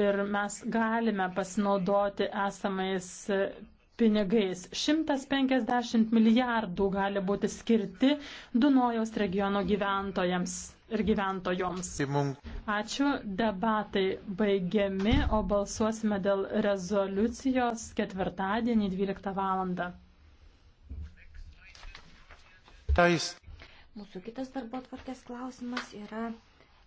ir mes galime pasinaudoti esamais pinigais. 150 milijardų gali būti skirti Dunojaus regiono gyventojams ir gyventojoms. Ačiū, debatai baigiami, o balsuosime dėl rezoliucijos ketvirtadienį 12 val. Mūsų kitas darbo tvarkės klausimas yra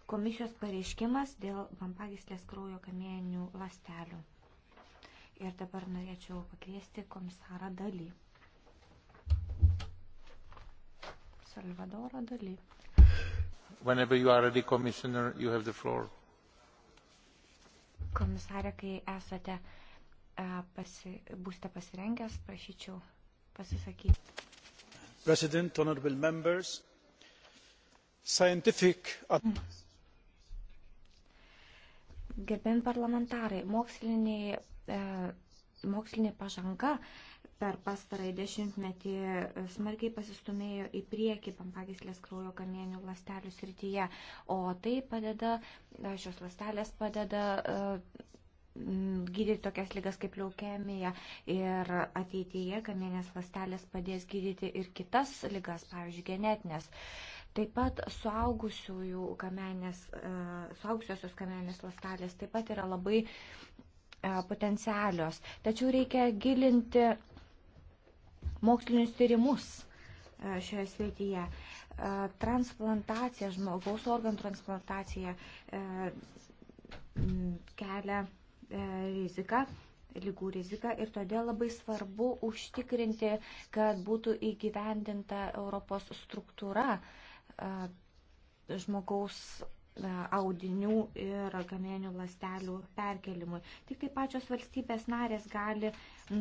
komisijos pareiškimas dėl vampagyslės kraujo kamieninių lastelių. Ir dabar norėčiau pakviesti komisarą Dalį. Salvadorą Dalį. Whenever you are ready, commissioner, you have the floor. Komisarė, kai esate, e, pasi, būsite pasirengęs, prašyčiau pasisakyti. President, honorable members, scientific... Mm Gerbėjim parlamentarai, moksliniai, e, mokslinė pažanga per pastarąjį dešimtmetį e, smarkiai pasistumėjo į priekį pampagyslės kraujo kamienių lastelių srityje, o tai padeda, e, šios lastelės padeda e, gydyti tokias lygas kaip leukemija ir ateityje kamienės lastelės padės gydyti ir kitas lygas, pavyzdžiui, genetinės. E, Taip pat suaugusiųjų kamenės, e, suaugusiosios kamenės lastelės taip pat yra labai e, potencialios. Tačiau reikia gilinti mokslinius tyrimus e, šioje srityje. Transplantacija, žmogaus organų transplantacija kelia riziką lygų riziką ir todėl labai svarbu užtikrinti, kad būtų įgyvendinta Europos struktūra uh, žmogaus audinių ir kamieninių lastelių perkelimui. Tik tai pačios valstybės narės gali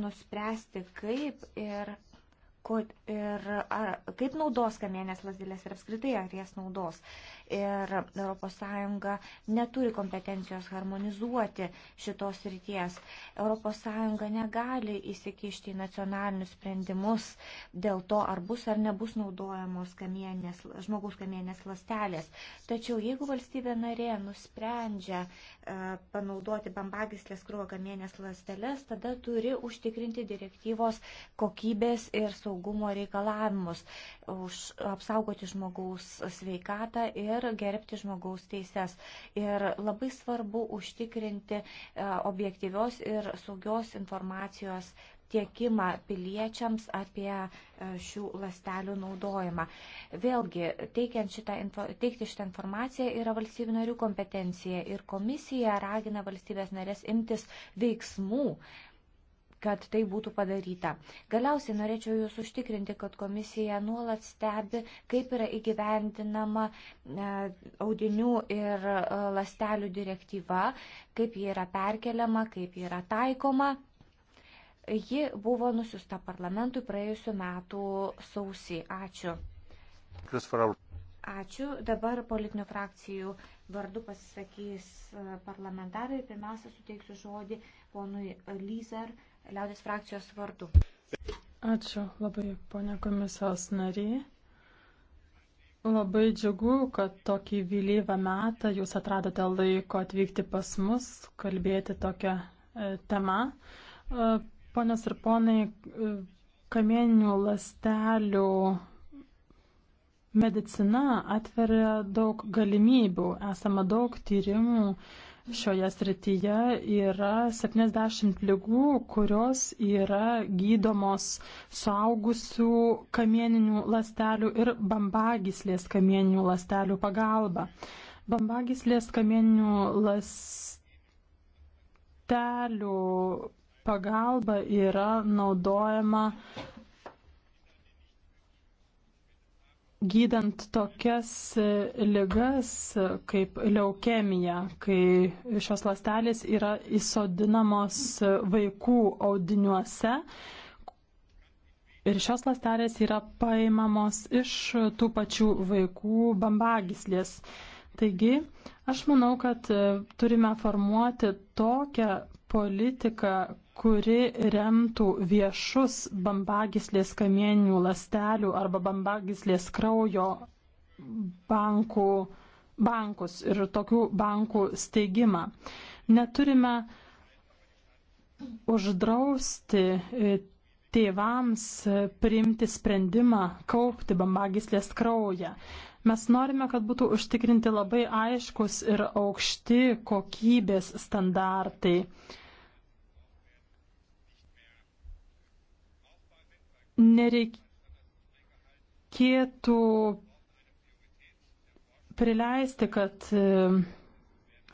nuspręsti, kaip ir, ko, ir ar, kaip naudos kamienės lasdelės ir apskritai ar jas naudos. Uh, ir ES neturi kompetencijos harmonizuoti šitos ryties. ES negali įsikišti į nacionalinius sprendimus dėl to, ar bus ar nebus naudojamos kamienės, žmogaus kamienės lastelės. Tačiau jeigu valstybė narė nusprendžia e, panaudoti bambagislės krūvo kamienės lasteles, tada turi užtikrinti direktyvos kokybės ir saugumo reikalavimus, už apsaugoti žmogaus sveikatą ir ir gerbti žmogaus teises. Ir labai svarbu užtikrinti e, objektyvios ir saugios informacijos tiekimą piliečiams apie e, šių lastelių naudojimą. Vėlgi, šitą, teikti šitą informaciją yra valstybių narių kompetencija ir komisija ragina valstybės narės imtis veiksmų, uh, kad tai būtų padaryta. Galiausiai norėčiau Jūs užtikrinti, kad komisija nuolat stebi, kaip yra įgyvendinama e, audinių ir e, lastelių direktyva, kaip ji yra perkeliama, kaip ji yra taikoma. Ji buvo nusiusta parlamentui praėjusiu metu sausį. Ačiū. Ačiū. Dabar politinių frakcijų vardu pasisakys e, parlamentarai. Pirmiausia, suteiksiu žodį ponui Lyzer liaudės frakcijos vardu. Ačiū labai, ponia komisijos nariai. Labai džiugu, kad tokį vėlyvą metą jūs atradote laiko atvykti pas mus, kalbėti tokią e, temą. E, ponios ir ponai, e, kamieninių lastelių medicina atveria daug galimybių. Esama daug tyrimų, e, šioje srityje yra 70 lygų, kurios yra gydomos suaugusių kamieninių lastelių ir bambagyslės kamieninių lastelių pagalba. Bambagyslės kamieninių lastelių pagalba yra naudojama gydant tokias e, ligas e, kaip leukemija, kai šios lastelės yra įsodinamos e, vaikų audiniuose. Ir šios lastelės yra paimamos iš tų pačių vaikų bambagislės. Taigi, aš manau, kad turime formuoti tokią politiką, kuri remtų viešus bambagislės kamieninių lastelių arba bambagislės kraujo bankų, bankus ir tokių bankų steigimą. Neturime uždrausti e, tėvams priimti sprendimą kaupti bambagislės kraują. Mes norime, kad būtų užtikrinti labai aiškus ir aukšti kokybės standartai. nereikėtų prileisti, kad e,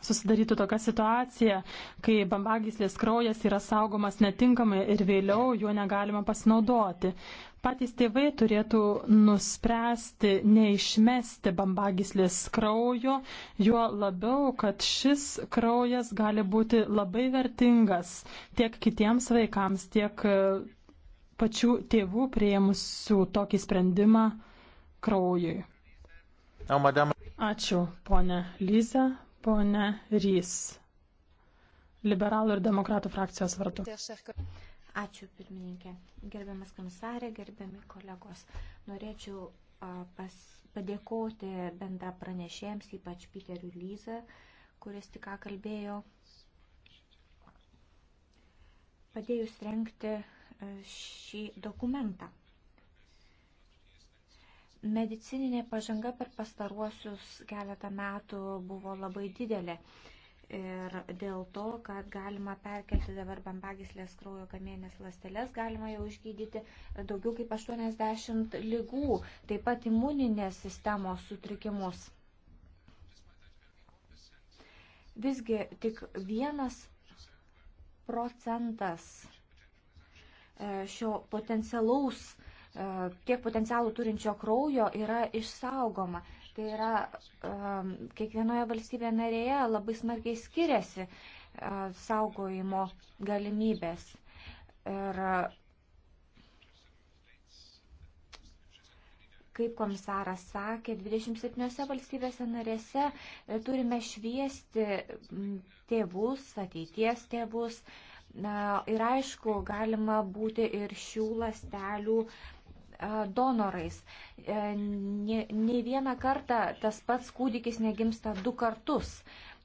susidarytų tokia situacija, kai bambagyslės kraujas yra saugomas netinkamai ir vėliau juo negalima pasinaudoti. Patys tėvai turėtų nuspręsti neišmesti bambagyslės kraujo, juo labiau, kad šis kraujas gali būti labai vertingas tiek kitiems vaikams, tiek e, pačių tėvų prieimusių tokį sprendimą kraujui. Ačiū, ponė Lyza, ponė Rys. Liberalų ir demokratų frakcijos vardu. Ačiū, pirmininkė. Gerbiamas komisarė, gerbiami kolegos. Norėčiau pas, padėkoti bendra pranešėjams, ypač Piteriu Lyza, kuris tik ką kalbėjo. Padėjus renkti šį dokumentą. Medicininė pažanga per pastaruosius keletą metų buvo labai didelė ir dėl to, kad galima perkelti dabar bambagislės kraujo kamienės ląsteles, galima jau išgydyti daugiau kaip 80 lygų, taip pat imuninės sistemos sutrikimus. Visgi tik vienas procentas E, šio potencialaus, e, tiek potencialų turinčio kraujo yra išsaugoma. Tai yra e, kiekvienoje valstybėje narėje labai smarkiai skiriasi saugojimo galimybės. Ir kaip komisaras sakė, 27 valstybėse narėse turime šviesti tėvus, ateities tėvus, Na, ir aišku, galima būti ir šių lastelių donorais. E, ne, ne vieną kartą tas pats kūdikis negimsta du kartus.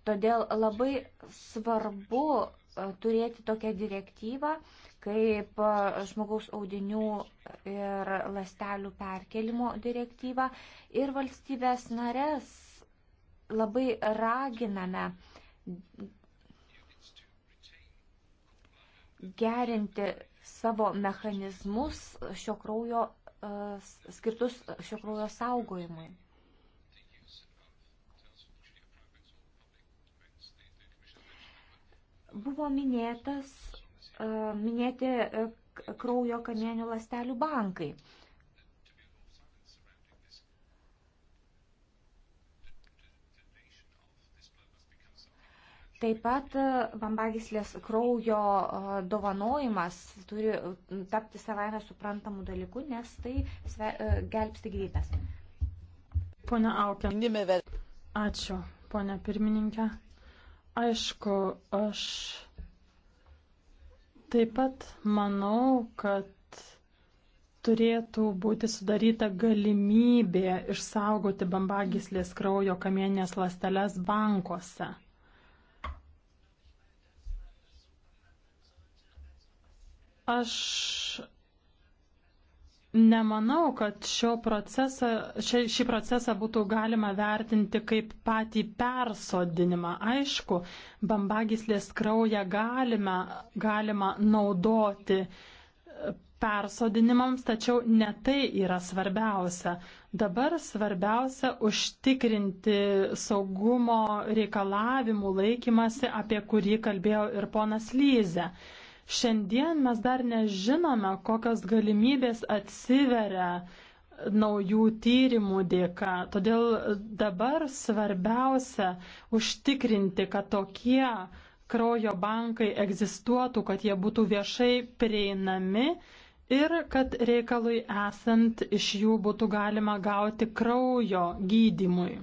Todėl labai svarbu turėti tokią direktyvą, kaip žmogaus audinių ir lastelių perkelimo direktyvą. Ir valstybės narės labai raginame gerinti savo mechanizmus šio kraujo, e, skirtus šio kraujo saugojimui. Buvo minėtas, e, minėti e, kraujo kamienių lastelių bankai. Taip pat bambagyslės e, kraujo e, dovanojimas turi e, tapti savaime suprantamų dalykų, nes tai sve, gelbsti gyvybės. Pone Aukė. Ačiū, pone pirmininkė. Aišku, aš taip pat manau, kad turėtų būti sudaryta galimybė išsaugoti bambagyslės kraujo kamienės lasteles bankuose. Aš nemanau, kad šio procesą, šį, šį procesą būtų galima vertinti kaip patį persodinimą. Aišku, bambagislės kraują galime, galima naudoti persodinimams, tačiau ne tai yra svarbiausia. Dabar svarbiausia užtikrinti saugumo reikalavimų laikymasi, apie kurį kalbėjo ir ponas Lyze. Šiandien mes dar nežinome, kokios galimybės atsiveria naujų tyrimų dėka. Todėl dabar svarbiausia užtikrinti, kad tokie kraujo bankai egzistuotų, kad jie būtų viešai prieinami ir kad reikalui esant iš jų būtų galima gauti kraujo gydimui.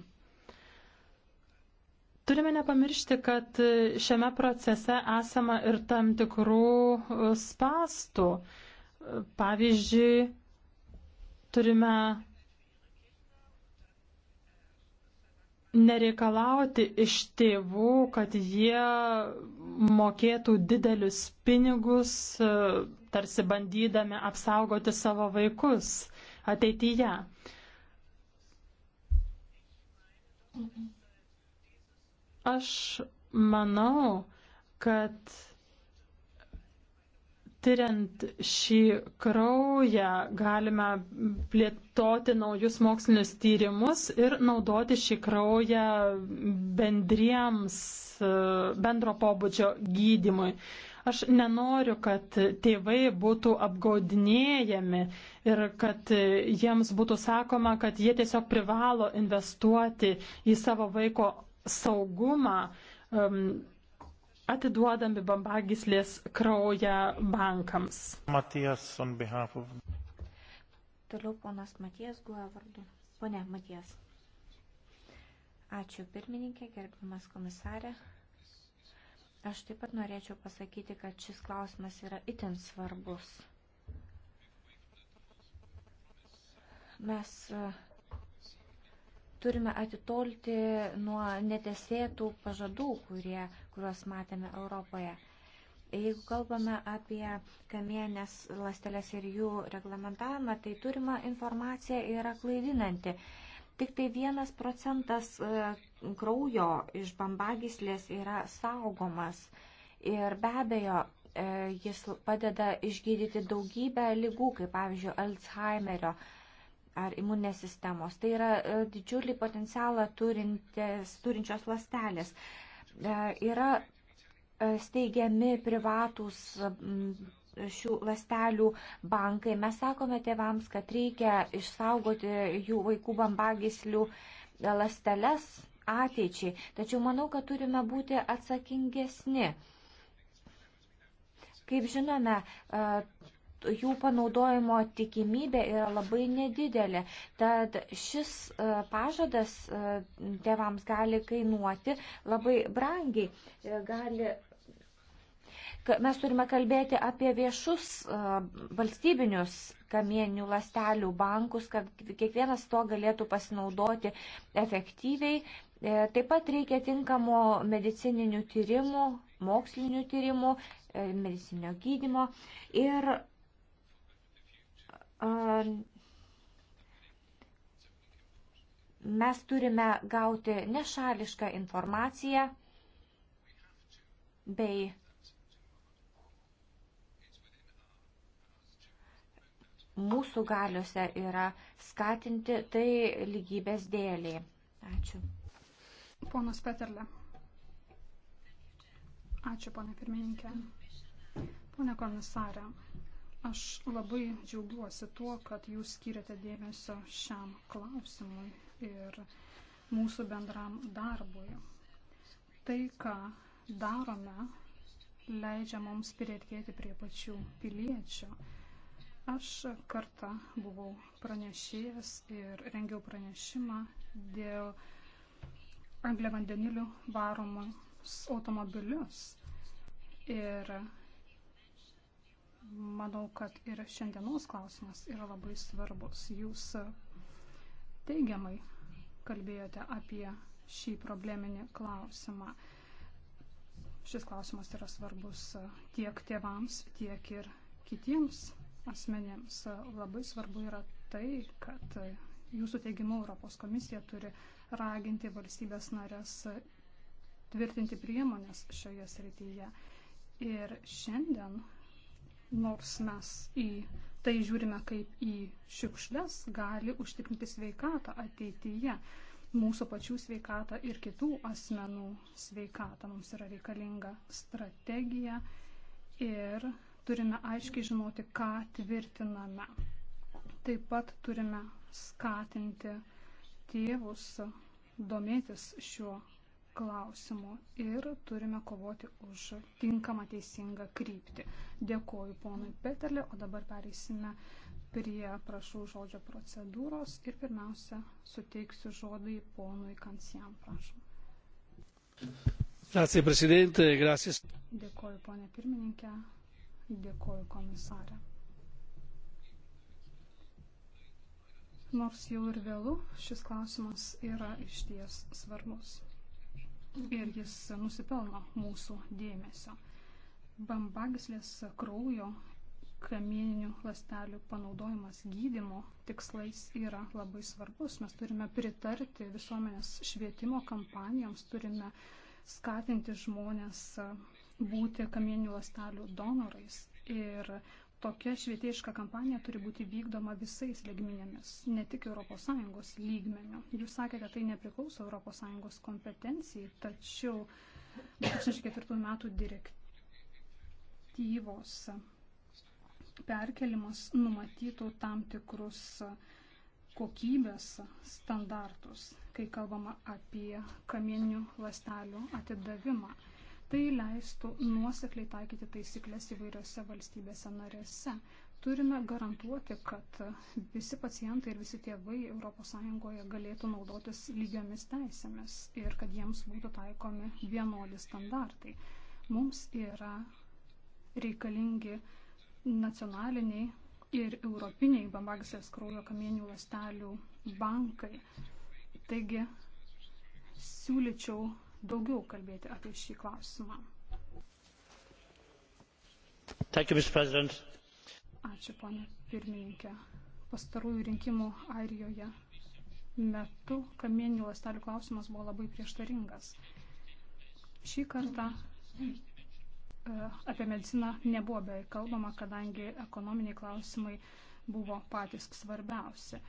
Turime nepamiršti, kad šiame procese esama ir tam tikrų e, spastų. E, pavyzdžiui, turime nereikalauti iš tėvų, kad jie mokėtų didelius pinigus, e, tarsi bandydami apsaugoti savo vaikus ateityje. Mm-mm. Aš manau, kad tyriant šį kraują galime plėtoti naujus mokslinius tyrimus ir naudoti šį kraują bendriems, bendro pobūdžio gydimui. Aš nenoriu, kad tėvai būtų apgaudinėjami ir kad jiems būtų sakoma, kad jie tiesiog privalo investuoti į savo vaiko saugumą um, atiduodami bambagyslės kraują bankams. Matijas, on behalf of. Toliau ponas Matijas guoja vardu. Pone Matijas. Ačiū pirmininkė, gerbimas komisarė. Aš taip pat norėčiau pasakyti, kad šis klausimas yra itin svarbus. Mes turime atitolti nuo netesėtų pažadų, kurie, kuriuos matėme Europoje. Jeigu kalbame apie kamienės lastelės ir jų reglamentavimą, tai turima informacija yra klaidinanti. Tik tai vienas procentas e, kraujo iš bambagyslės yra saugomas. Ir be abejo, e, jis padeda išgydyti daugybę lygų, kaip pavyzdžiui, Alzheimerio ar imuninės sistemos. Tai yra e, didžiulį potencialą turinčios lastelės. E, yra e, steigiami privatus šių lastelių bankai. Mes sakome tėvams, kad reikia išsaugoti jų vaikų bambagyslių lasteles ateičiai. Tačiau manau, kad turime būti atsakingesni. Kaip žinome, jų panaudojimo tikimybė yra labai nedidelė. Tad šis e, pažadas e, tėvams gali kainuoti labai brangiai. E, gali Mes turime kalbėti apie viešus valstybinius kamieninių lastelių bankus, kad kiekvienas to galėtų pasinaudoti efektyviai. Taip pat reikia tinkamo medicininių tyrimų, mokslinių tyrimų, medicinio gydimo ir mes turime gauti nešališką informaciją bei mūsų galiuose yra skatinti tai lygybės dėliai. Ačiū. Ponas Peterle. Ačiū, ponė pirmininkė. Pone komisarė, Aš labai džiaugiuosi tuo, kad jūs skiriate dėmesio šiam klausimui ir mūsų bendram darbui. Tai, ką darome, leidžia mums prieartėti prie pačių piliečių. Aš kartą buvau pranešėjęs ir rengiau pranešimą dėl angliavandenilių varomus automobilius. Ir Manau, kad ir šiandienos klausimas yra labai svarbus. Jūs teigiamai kalbėjote apie šį probleminį klausimą. Šis klausimas yra svarbus tiek tėvams, tiek ir kitiems asmenėms. Labai svarbu yra tai, kad jūsų teigimu Europos komisija turi raginti valstybės narės tvirtinti priemonės šioje srityje. Ir šiandien nors mes į tai žiūrime kaip į šiukšles, gali užtikrinti sveikatą ateityje, mūsų pačių sveikatą ir kitų asmenų sveikatą. Mums yra reikalinga strategija ir turime aiškiai žinoti, ką tvirtiname. Taip pat turime skatinti tėvus domėtis šiuo klausimų ir turime kovoti už tinkamą teisingą kryptį. Dėkoju ponui Peterlė, o dabar pereisime prie prašau žodžio procedūros ir pirmiausia suteiksiu žodį ponui Kansiam, prašom. Grazie, prezidente, grazie. Dėkoju, ponė pirmininkė, dėkoju komisarė. Nors jau ir vėlų, šis klausimas yra išties svarbus ir jis nusipelno mūsų dėmesio. Bambagislės kraujo kamieninių lastelių panaudojimas gydimo tikslais yra labai svarbus. Mes turime pritarti visuomenės švietimo kampanijoms, turime skatinti žmonės būti kamieninių lastelių donorais. Ir tokia švietėjiška kampanija turi būti vykdoma visais ligminėmis, ne tik ES lygmeniu. Jūs sakėte, tai nepriklauso ES kompetencijai, tačiau 2004 metų direktyvos perkelimas numatytų tam tikrus kokybės standartus, kai kalbama apie kamieninių lastelių atidavimą. Tai leistų nuosekliai taikyti taisyklės įvairiose valstybėse narėse. Turime garantuoti, kad visi pacientai ir visi tėvai ES galėtų naudotis lygiomis teisėmis ir kad jiems būtų taikomi vienodi standartai. Mums yra reikalingi nacionaliniai ir europiniai bambagysės kraujo kamienių lastelių bankai. Taigi siūlyčiau daugiau kalbėti apie šį klausimą. You, Ačiū, ponė pirmininkė. Pastarųjų rinkimų Airijoje metu kamieninių lastelių klausimas buvo labai prieštaringas. Šį kartą e, apie mediciną nebuvo beveik kalbama, kadangi ekonominiai klausimai buvo patys svarbiausi.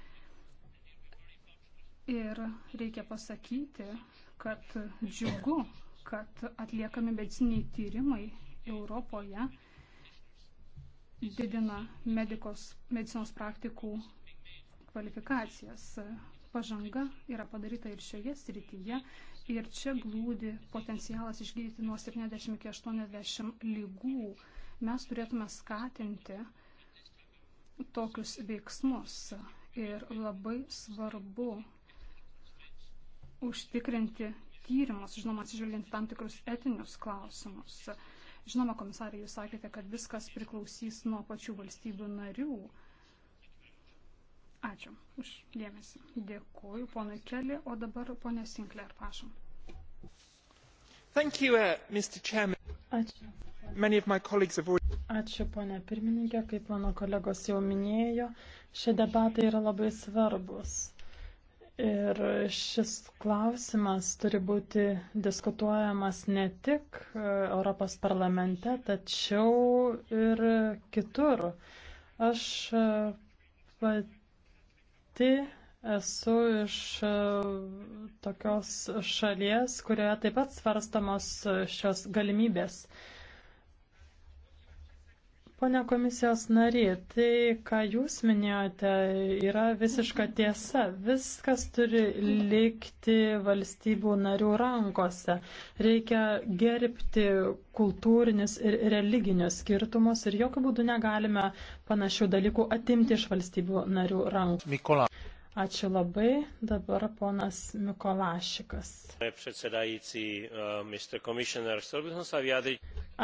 Ir reikia pasakyti, kad džiugu, kad atliekami mediciniai tyrimai Europoje didina medikos, medicinos praktikų kvalifikacijas. Pažanga yra padaryta ir šioje srityje ir čia glūdi potencialas išgydyti nuo 70 iki 80 lygų. Mes turėtume skatinti tokius veiksmus ir labai svarbu užtikrinti tyrimus, žinoma, atsižvelginti tam tikrus etinius klausimus. Žinoma, komisarė, jūs sakėte, kad viskas priklausys nuo pačių valstybių narių. Ačiū už dėmesį. Dėkuoju, ponui Keli, o dabar ponė Sinkler, prašom. Thank you, uh, Mr. Chairman. Ačiū. Many of my colleagues have already... Ačiū, ponė pirmininkė, kaip mano kolegos jau minėjo, šie debatai yra labai svarbus. Ir šis klausimas turi būti diskutuojamas ne tik e, Europos parlamente, tačiau ir kitur. Aš e, pati esu iš e, tokios šalies, kurioje taip pat svarstamos šios galimybės. Pone komisijos nariai, tai, ką jūs minėjote, yra visiška tiesa. Viskas turi likti valstybių narių rankose. Reikia gerbti kultūrinius ir religinius skirtumus ir jokių būdų negalime panašių dalykų atimti iš valstybių narių rankų. Mikola. Ačiū labai. Dabar ponas Mikolašikas. Eh,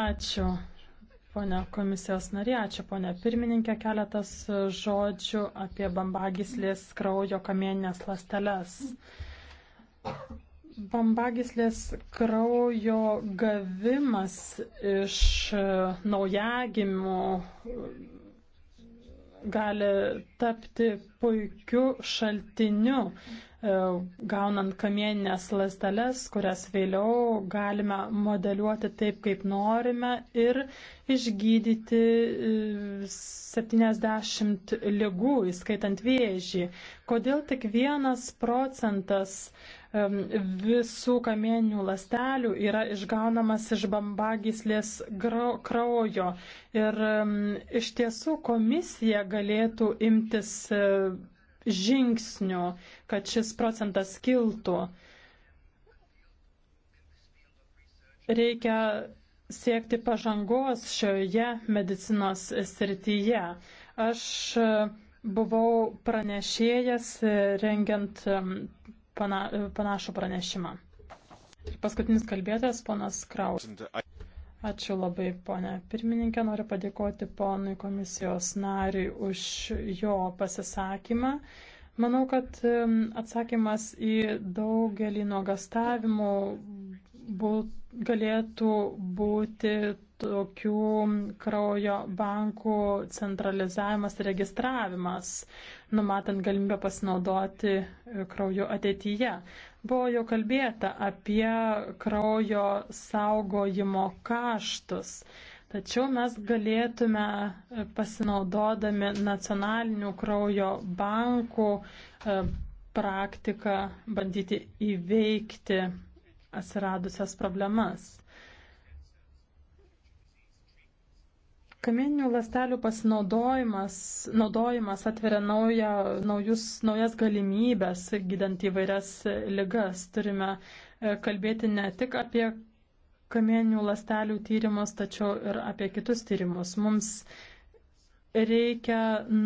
Ačiū. Pone komisijos narė, ačiū pone pirmininkė, keletas žodžių apie bambagyslės kraujo kamieninės lasteles. Bambagyslės kraujo gavimas iš naujagimių gali tapti puikiu šaltiniu, e, gaunant kamieninės lasteles, kurias vėliau galime modeliuoti taip, kaip norime ir išgydyti 70 e, lygų, įskaitant vėžį. Kodėl tik vienas procentas uh, visų kamieninių lastelių yra išgaunamas iš bambagyslės kraujo. Ir iš tiesų komisija galėtų imtis e, žingsnių, kad šis procentas kiltų. Reikia siekti pažangos šioje medicinos srityje. Aš e, buvau pranešėjęs e, rengiant pana, panašų pranešimą. Ir paskutinis kalbėtojas, ponas Kraus. Ačiū labai, ponė pirmininkė. Noriu padėkoti ponui komisijos nariui už jo pasisakymą. Manau, kad atsakymas į daugelį nuogastavimų galėtų būti tokių kraujo bankų centralizavimas ir registravimas, numatant galimybę pasinaudoti e, krauju ateityje. Buvo jau kalbėta apie kraujo saugojimo kaštus. Tačiau mes galėtume e, pasinaudodami nacionalinių kraujo bankų e, praktiką bandyti įveikti atsiradusias problemas. Kamieninių lastelių pasinaudojimas naudojimas atveria nauja, naujus, naujas galimybės gydant įvairias ligas. Turime e, kalbėti ne tik apie kamieninių lastelių tyrimus, tačiau ir apie kitus tyrimus. Mums reikia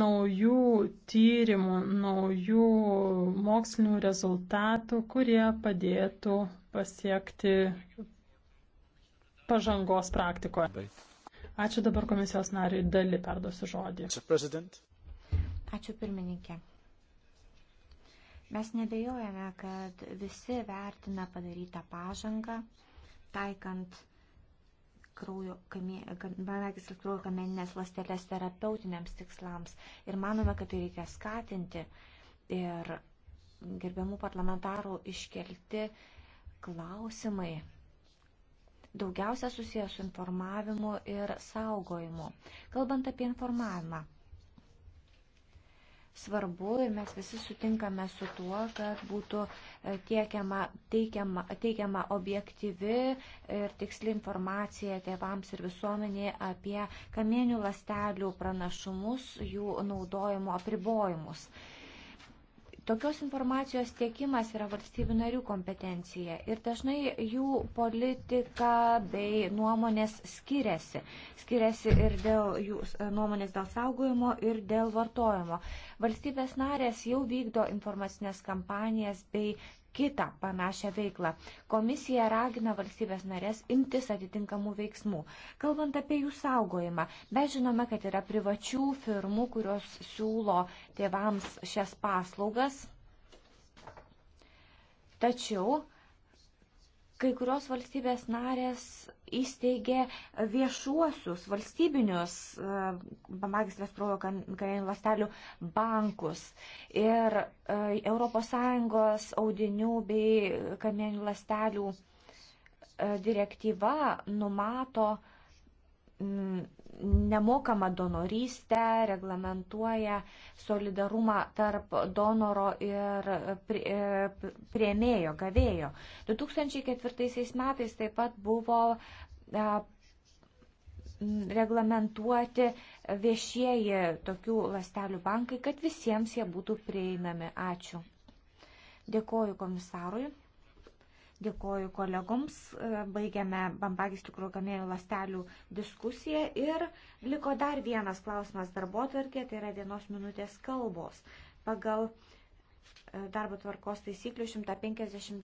naujų tyrimų, naujų mokslinių rezultatų, kurie padėtų pasiekti pažangos praktikoje. Taip. Ačiū dabar komisijos nariui dalį perduosiu žodį. Ačiū pirmininkė. Mes nebejojame, kad visi vertina padarytą pažangą, taikant kraujo, beveik ir kraujo kamieninės ląstelės terapeutiniams tikslams. Ir manome, kad tai reikia skatinti. Ir gerbiamų parlamentarų iškelti klausimai daugiausia susijęs su informavimu ir saugojimu. Kalbant apie informavimą, svarbu ir mes visi sutinkame su tuo, kad būtų e, tiekiama, teikiama, teikiama objektyvi ir tiksli informacija tėvams ir visuomenėje apie kamienių lastelių pranašumus, jų naudojimo apribojimus. Tokios informacijos tiekimas yra valstybių narių kompetencija ir dažnai jų politika bei nuomonės skiriasi. Skiriasi ir dėl jų e, nuomonės dėl saugojimo ir dėl vartojimo. Valstybės narės jau vykdo informacinės kampanijas bei kitą panašią veiklą. Komisija ragina valstybės narės imtis atitinkamų veiksmų. Kalbant apie jų saugojimą, mes žinome, kad yra privačių firmų, kurios siūlo tėvams šias paslaugas. Tačiau kai kurios valstybės narės įsteigė viešuosius, valstybinius magistrės e, kraujo kamienų lastelių bankus. Ir ES audinių bei kamienų lastelių e, direktyva numato nemokamą donorystę, reglamentuoja solidarumą tarp donoro ir prieimėjo, gavėjo. 2004 metais taip pat buvo e, reglamentuoti viešieji tokių lastelių bankai, kad visiems jie būtų prieinami. Ačiū. Dėkoju komisarui. Dėkoju kolegoms, baigiame bambagiškių krogamėjų lastelių diskusiją ir liko dar vienas klausimas darbo tvarkė, tai yra vienos minutės kalbos. Pagal e, darbo tvarkos taisyklių 150.